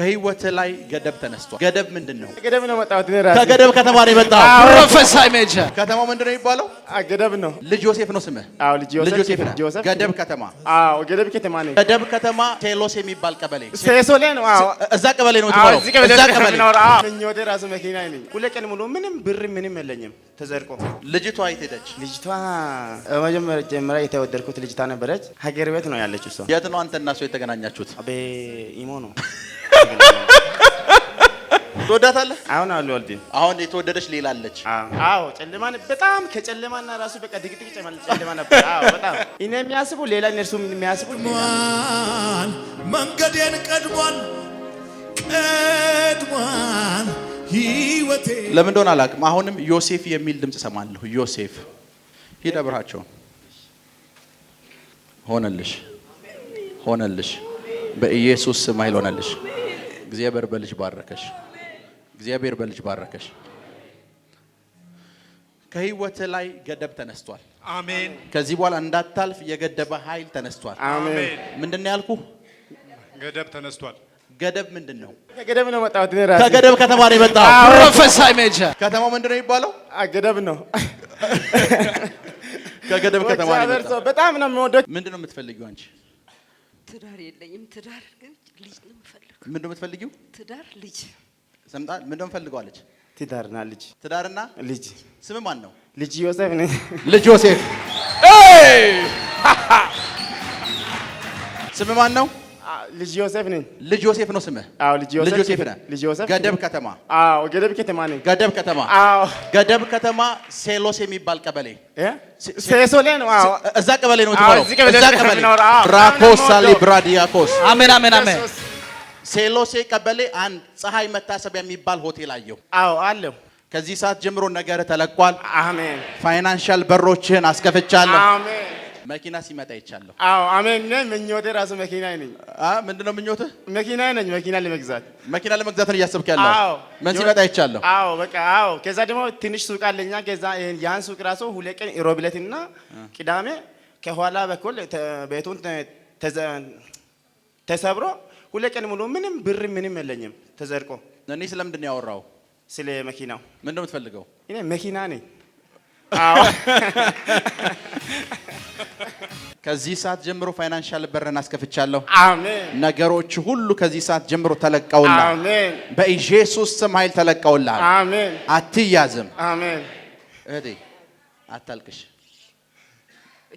ከህይወት ላይ ገደብ ተነስቷል። ገደብ ምንድን ነው? ገደብ ነው መጣሁት። ከገደብ ከተማ ነው የመጣው። ፕሮፌሰር ሜጀር ከተማው ምንድን ነው የሚባለው? ገደብ ነው። ልጅ ዮሴፍ ነው ስምህ? አዎ ልጅ ዮሴፍ ልጅ ዮሴፍ ነው። ገደብ ከተማ። አዎ ገደብ ከተማ ነው። ገደብ ከተማ ቴሎስ የሚባል ቀበሌ ቴሎስ ላይ ነው። አዎ እዛ ቀበሌ ነው የምትኖረው? እዛ ቀበሌ ነው። አዎ እኛ ወደ ራሱ መኪና ነኝ። ሁለት ቀን ሙሉ ምንም ብር ምንም የለኝም ተዘርቆ። ልጅቷ የት ሄደች? ልጅቷ መጀመሪያ ጀምራ የተወደድኩት ልጅቷ ነበረች። ሀገር ቤት ነው ያለችው። ሰው የት ነው አንተና እሱ የተገናኛችሁት? በኢሞ ነው ትወዳታለህ? አሁን አሁን የተወደደች ሌላ አለች። አዎ በጣም ከጨለማና ራሱ በቃ ድግድግ ጨለማ ነበር። አዎ በጣም እኔ የሚያስቡ ሌላ እነርሱ የሚያስቡ መንገዴን ቀድሟል ቀድሟል ህይወቴ። ለምን እንደሆነ አላውቅም። አሁንም ዮሴፍ የሚል ድምፅ ሰማለሁ። ዮሴፍ ሂድ አብርሃቸውን ሆነልሽ ሆነልሽ፣ በኢየሱስ ስም ሆነልሽ። እግዚአብሔር በልጅ ባረከሽ። እግዚአብሔር በልጅ ባረከሽ። ከህይወት ላይ ገደብ ተነስቷል። አሜን። ከዚህ በኋላ እንዳታልፍ የገደበ ኃይል ተነስቷል። አሜን። ምንድን ነው ያልኩ? ገደብ ተነስቷል። ገደብ ምንድን ነው? ከገደብ ነው መጣሁት። እኔ ራሴ ከገደብ ከተማ ነው የመጣሁት። ፕሮፌሰር ሜጀር ከተማው ምንድን ነው የሚባለው? ገደብ ነው። ከገደብ ከተማ ነው የመጣሁት። በጣም ነው የምወደው። ምንድን ነው የምትፈልጊው አንቺ? ትዳር የለኝም። ትዳር ግን ልጅ ነው የምፈልገው የምፈልገው ምንድን ነው የምትፈልጊው? ትዳር፣ ልጅ። ሰምታ ምንድን ነው የምትፈልገዋለች? ትዳርና ልጅ። ትዳርና ልጅ። ስም ማን ነው? ልጅ ዮሴፍ ነኝ። ልጅ ዮሴፍ። ስም ማን ነው? ልጅ ዮሴፍ ነኝ። ልጅ ዮሴፍ ነው ስምህ? አዎ፣ ልጅ ዮሴፍ። ልጅ ዮሴፍ ነህ? ልጅ ዮሴፍ። ገደብ ከተማ? አዎ፣ ገደብ ከተማ ነኝ። ገደብ ከተማ? አዎ። ገደብ ከተማ ሴሎስ የሚባል ቀበሌ ሴሶ ነው። አዎ፣ እዛ ቀበሌ ነው የምትኖረው? እዛ ቀበሌ። ብራኮስ ሳሊ አሜን፣ አሜን፣ አሜን። ሴሎሴ ቀበሌ አንድ ፀሐይ መታሰቢያ የሚባል ሆቴል አየሁ። አዎ አለሁ። ከዚህ ሰዓት ጀምሮ ነገር ተለቋል። አሜን። ፋይናንሻል በሮችህን አስከፍቻለሁ። አሜን። መኪና ሲመጣ ይቻለሁ። አዎ አሜን። ነኝ ምኞቴ ራሱ መኪና ነኝ። አ ምንድን ነው ምኞትህ? መኪና ነኝ። መኪና ለመግዛት መኪና ለመግዛት ነው እያሰብክ ያለው? አዎ። ምን ሲመጣ ይቻለሁ? አዎ በቃ አዎ። ከዛ ደግሞ ትንሽ ሱቅ አለኛ። ከዛ ያን ሱቅ ራሱ ሁለት ቀን ሮብለትና ቅዳሜ ከኋላ በኩል ቤቱን ተሰብሮ ሁለት ቀን ሙሉ ምንም ብር ምንም የለኝም ተዘርቆ። እኔ ስለምንድን ያወራው? ስለ መኪናው። ምን ነው የምትፈልገው? እኔ መኪና ነኝ። አዎ። ከዚህ ሰዓት ጀምሮ ፋይናንሻል በርን አስከፍቻለሁ። አሜን። ነገሮች ሁሉ ከዚህ ሰዓት ጀምሮ ተለቀውላ። አሜን። በኢየሱስ ስም ኃይል ተለቀውላ። አሜን። አትያዝም። አሜን። እህቴ አታልቅሽ።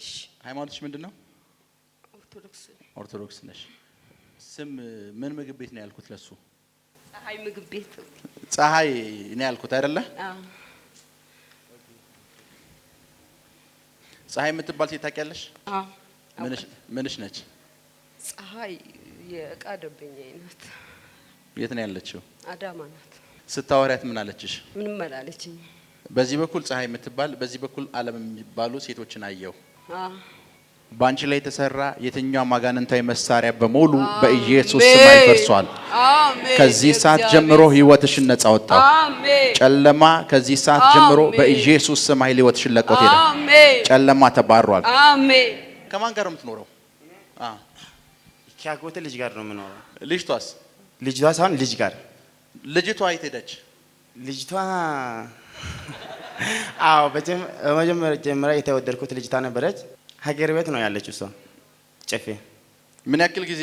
እሺ፣ ሃይማኖትሽ ምንድን ነው? ኦርቶዶክስ። ኦርቶዶክስ ነሽ? ስም ምን ምግብ ቤት ነው ያልኩት? ለሱ ፀሐይ ምግብ ቤት ፀሐይ ነው ያልኩት አይደለ? ፀሐይ የምትባል ሴት ታውቂያለሽ? ምንሽ ነች? ፀሐይ የእቃ ደንበኛዬ ናት። የት ነው ያለችው? አዳማ ናት። ስታወሪያት ምን አለችሽ? ምንም አላለችኝ። በዚህ በኩል ፀሐይ የምትባል በዚህ በኩል አለም የሚባሉ ሴቶችን አየው በአንቺ ላይ የተሰራ የትኛው ማጋንንታዊ መሳሪያ በሙሉ በኢየሱስ ስም አይፈርሷል። ከዚህ ሰዓት ጀምሮ ህይወትሽን ነጻ ወጣው። ጨለማ ከዚህ ሰዓት ጀምሮ በኢየሱስ ስም ኃይል ህይወትሽን ለቆት ሄደ። ጨለማ ተባሯል። ከማን ጋር ነው የምትኖረው? ከአጎቴ ልጅ ጋር ነው የምኖረው። ልጅቷስ? ልጅቷ ሳይሆን ልጅ ጋር። ልጅቷ የት ሄደች? ልጅቷ አዎ፣ በመጀመሪያ የተወደድኩት ልጅቷ ነበረች። ሀገር ቤት ነው ያለችው እሷ ጨፌ። ምን ያክል ጊዜ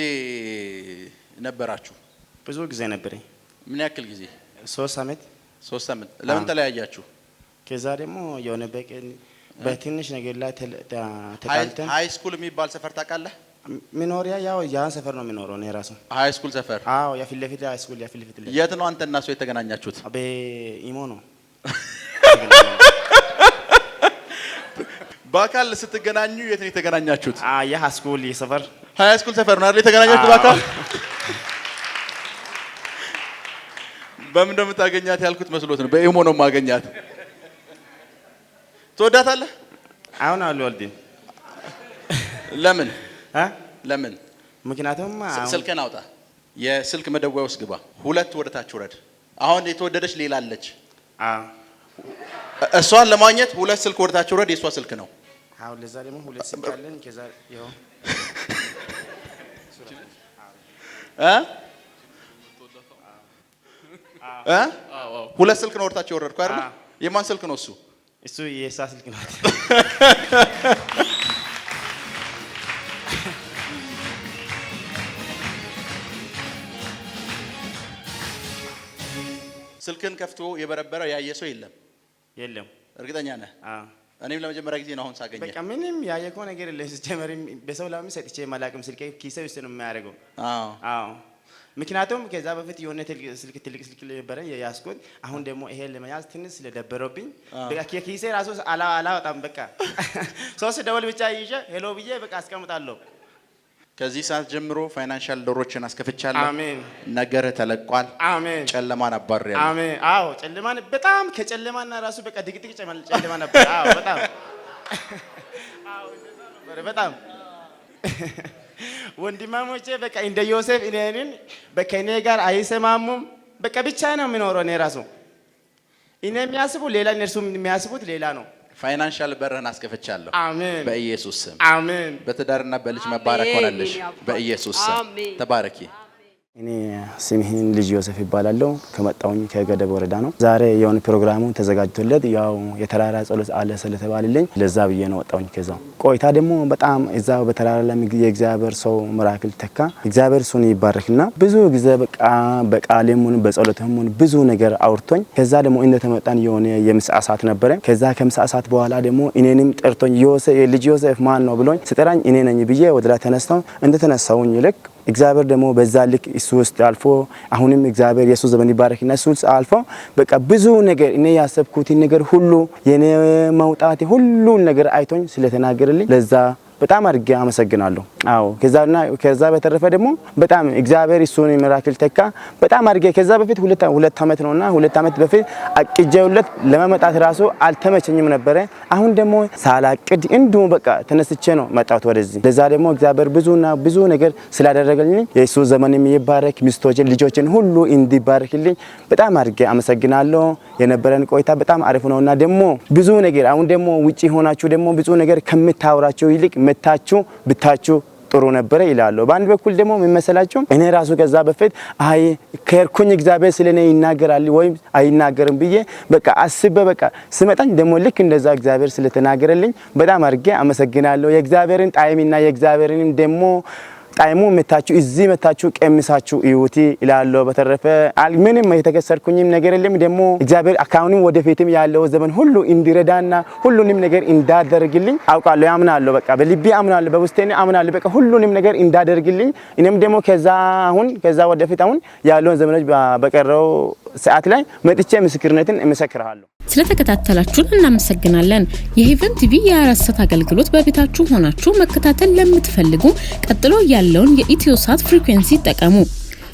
ነበራችሁ? ብዙ ጊዜ ነበር። ምን ያክል ጊዜ? ሶስት አመት። ሶስት አመት። ለምን ተለያያችሁ? ከዛ ደግሞ የሆነ በቀን በትንሽ ነገር ላይ ተጣልተን። ሀይ ስኩል የሚባል ሰፈር ታውቃለህ? ሚኖሪያ ያው ያን ሰፈር ነው የሚኖረው ነው ራሱ ሀይ ስኩል ሰፈር። አዎ የፊት ለፊት ሀይ ስኩል የፊት ለፊት። የት ነው አንተ እና እሱ የተገናኛችሁት? በኢሞ ነው በአካል ስትገናኙ የት ነው የተገናኛችሁት? የሀያስኩል ሰፈር ሀያስኩል ሰፈር ነው የተገናኛችሁት? በአካል በምን እንደምታገኛት ያልኩት መስሎት ነው። በኢሞ ነው ማገኛት። ትወዳታለህ? አሁን አሉ ወልዴ። ለምን ለምን? ምክንያቱም ስልክን አውጣ፣ የስልክ መደወያ ውስጥ ግባ፣ ሁለት ወደ ውረድ። አሁን የተወደደች ሌላ አለች። እሷን ለማግኘት ሁለት ስልክ ወደ ታች ውረድ። የእሷ ስልክ ነው አሁን ለዛ ደግሞ ሁለት ስልክ አለን። ከዛ ይኸው ሁለት ስልክ ነው ወርታችሁ የወረድኩ አይደል? የማን ስልክ ነው እሱ? እሱ የሳ ስልክ ነው። ስልክን ከፍቶ የበረበረ ያየ ሰው የለም የለም። እርግጠኛ ነህ? እኔም ለመጀመሪያ ጊዜ ነው አሁን ሳገኘ። በቃ ምንም ያየከው ነገር የለ። ሲጀመር በሰው ላም ሰጥቼ ማላቅም ስልኬ ኪሴ ውስጥ ነው የሚያደርገው። አዎ ምክንያቱም ከዛ በፊት የሆነ ስልክ ትልቅ ስልክ ነበረ የያዝኩት። አሁን ደግሞ ይሄ ለመያዝ ትንሽ ስለደበረብኝ በቃ ኪሴ ራሱ አላወጣም። በቃ ሶስት ደወል ብቻ ይዤ ሄሎ ብዬ በቃ አስቀምጣለሁ። ከዚህ ሰዓት ጀምሮ ፋይናንሻል ዶሮችን አስከፍቻለሁ። አሜን። ነገር ተለቋል። አሜን። ጨለማን አባሬ። አሜን። አዎ፣ ጨለማን በጣም ከጨለማና ራሱ በቃ ድቅድቅ ጨለማ ነበር። አዎ፣ በጣም አዎ፣ በጣም ወንድማሞቼ በቃ እንደ ዮሴፍ እኔንን በከኔ ጋር አይሰማሙም። በቃ ብቻ ነው የሚኖረው እኔ ራሱ እኔ የሚያስቡ ሌላ እነርሱ የሚያስቡት ሌላ ነው። ፋይናንሻል በርህን አስከፍቻለሁ። አሜን። በኢየሱስ ስም አሜን። በትዳርና በልጅ መባረክ ሆነልሽ። በኢየሱስ ስም ተባረኪ። እኔ ስምህን ልጅ ዮሴፍ ይባላለሁ። ከመጣውኝ ከገደብ ወረዳ ነው። ዛሬ የሆነ ፕሮግራሙ ተዘጋጅቶለት ያው የተራራ ጸሎት አለ ስለተባለልኝ ለዛ ብዬ ነው ወጣውኝ። ከዛው ቆይታ ደግሞ በጣም እዛ በተራራ ላይ የእግዚአብሔር ሰው ምራክል ተካ እግዚአብሔር እሱን ይባርክና ብዙ ጊዜ በቃ በቃሌም ሆነ በጸሎትም ሆነ ብዙ ነገር አውርቶኝ ከዛ ደግሞ እንደተመጣን የሆነ የምሳ ሰዓት ነበረ። ከዛ ከምሳ ሰዓት በኋላ ደግሞ እኔንም ጠርቶኝ ልጅ ዮሴፍ ማን ነው ብሎኝ ስጠራኝ እኔ ነኝ ብዬ ወደ ላይ ተነሳው እንደተነሳውኝ ልክ እግዚአብሔር ደግሞ በዛ ልክ እሱ ውስጥ አልፎ አሁንም እግዚአብሔር የሱ ዘመን ይባረክና እሱ ውስጥ አልፎ በቃ ብዙ ነገር እኔ ያሰብኩትን ነገር ሁሉ የኔ መውጣት ሁሉን ነገር አይቶኝ ስለተናገረልኝ ለዛ በጣም አድርጌ አመሰግናለሁ። አዎ ከዛና ከዛ በተረፈ ደግሞ በጣም እግዚአብሔር እሱን ሚራክል ተካ በጣም አድርጌ ከዛ በፊት ሁለት ሁለት አመት ነውና ሁለት አመት በፊት አቅጄውለት ለመመጣት ራሱ አልተመቸኝም ነበረ። አሁን ደግሞ ሳላቅድ እንዱ በቃ ተነስቼ ነው መጣሁት ወደዚህ። ለዛ ደግሞ እግዚአብሔር ብዙና ብዙ ነገር ስላደረገልኝ የእሱ ዘመን የሚባረክ ሚስቶችን ልጆችን ሁሉ እንዲባርክልኝ በጣም አድርጌ አመሰግናለሁ። የነበረን ቆይታ በጣም አሪፍ ነውና ደግሞ ብዙ ነገር አሁን ደግሞ ውጪ ሆናችሁ ደግሞ ብዙ ነገር ከምታወራቸው ይልቅ መታችሁ ብታችሁ ጥሩ ነበረ ይላሉ። በአንድ በኩል ደግሞ የምመሰላቸው እኔ ራሱ ከዛ በፊት አይ ከርኩኝ እግዚአብሔር ስለ እኔ ይናገራል ወይም አይናገርም ብዬ በቃ አስበ በቃ ስመጣኝ ደግሞ ልክ እንደዛ እግዚአብሔር ስለተናገረልኝ በጣም አድርጌ አመሰግናለሁ። የእግዚአብሔርን ጣይሚና የእግዚአብሔርንም ደግሞ ጣዕሙ መታችሁ እዚህ መታችሁ ቀምሳችሁ እዩት እላለሁ። በተረፈ ምንም የተከሰርኩኝም ነገር የለም። ደግሞ እግዚአብሔር አካሁንም ወደፊትም ያለው ዘመን ሁሉ እንዲረዳና ሁሉንም ነገር እንዳደርግልኝ አውቃለሁ፣ አምናለሁ። በቃ በልቤ አምናለሁ፣ በውስጤ አምናለሁ። በቃ ሁሉንም ነገር እንዳደርግልኝ እኔም ደግሞ ከዛ አሁን ከዛ ወደፊት አሁን ያለውን ዘመኖች በቀረው ሰዓት ላይ መጥቼ ምስክርነትን እመሰክርሃለሁ። ስለተከታተላችሁን እናመሰግናለን። የሄቨን ቲቪ የአራሰት አገልግሎት በቤታችሁ ሆናችሁ መከታተል ለምትፈልጉ ቀጥሎ ያለውን የኢትዮሳት ፍሪኩዌንሲ ይጠቀሙ።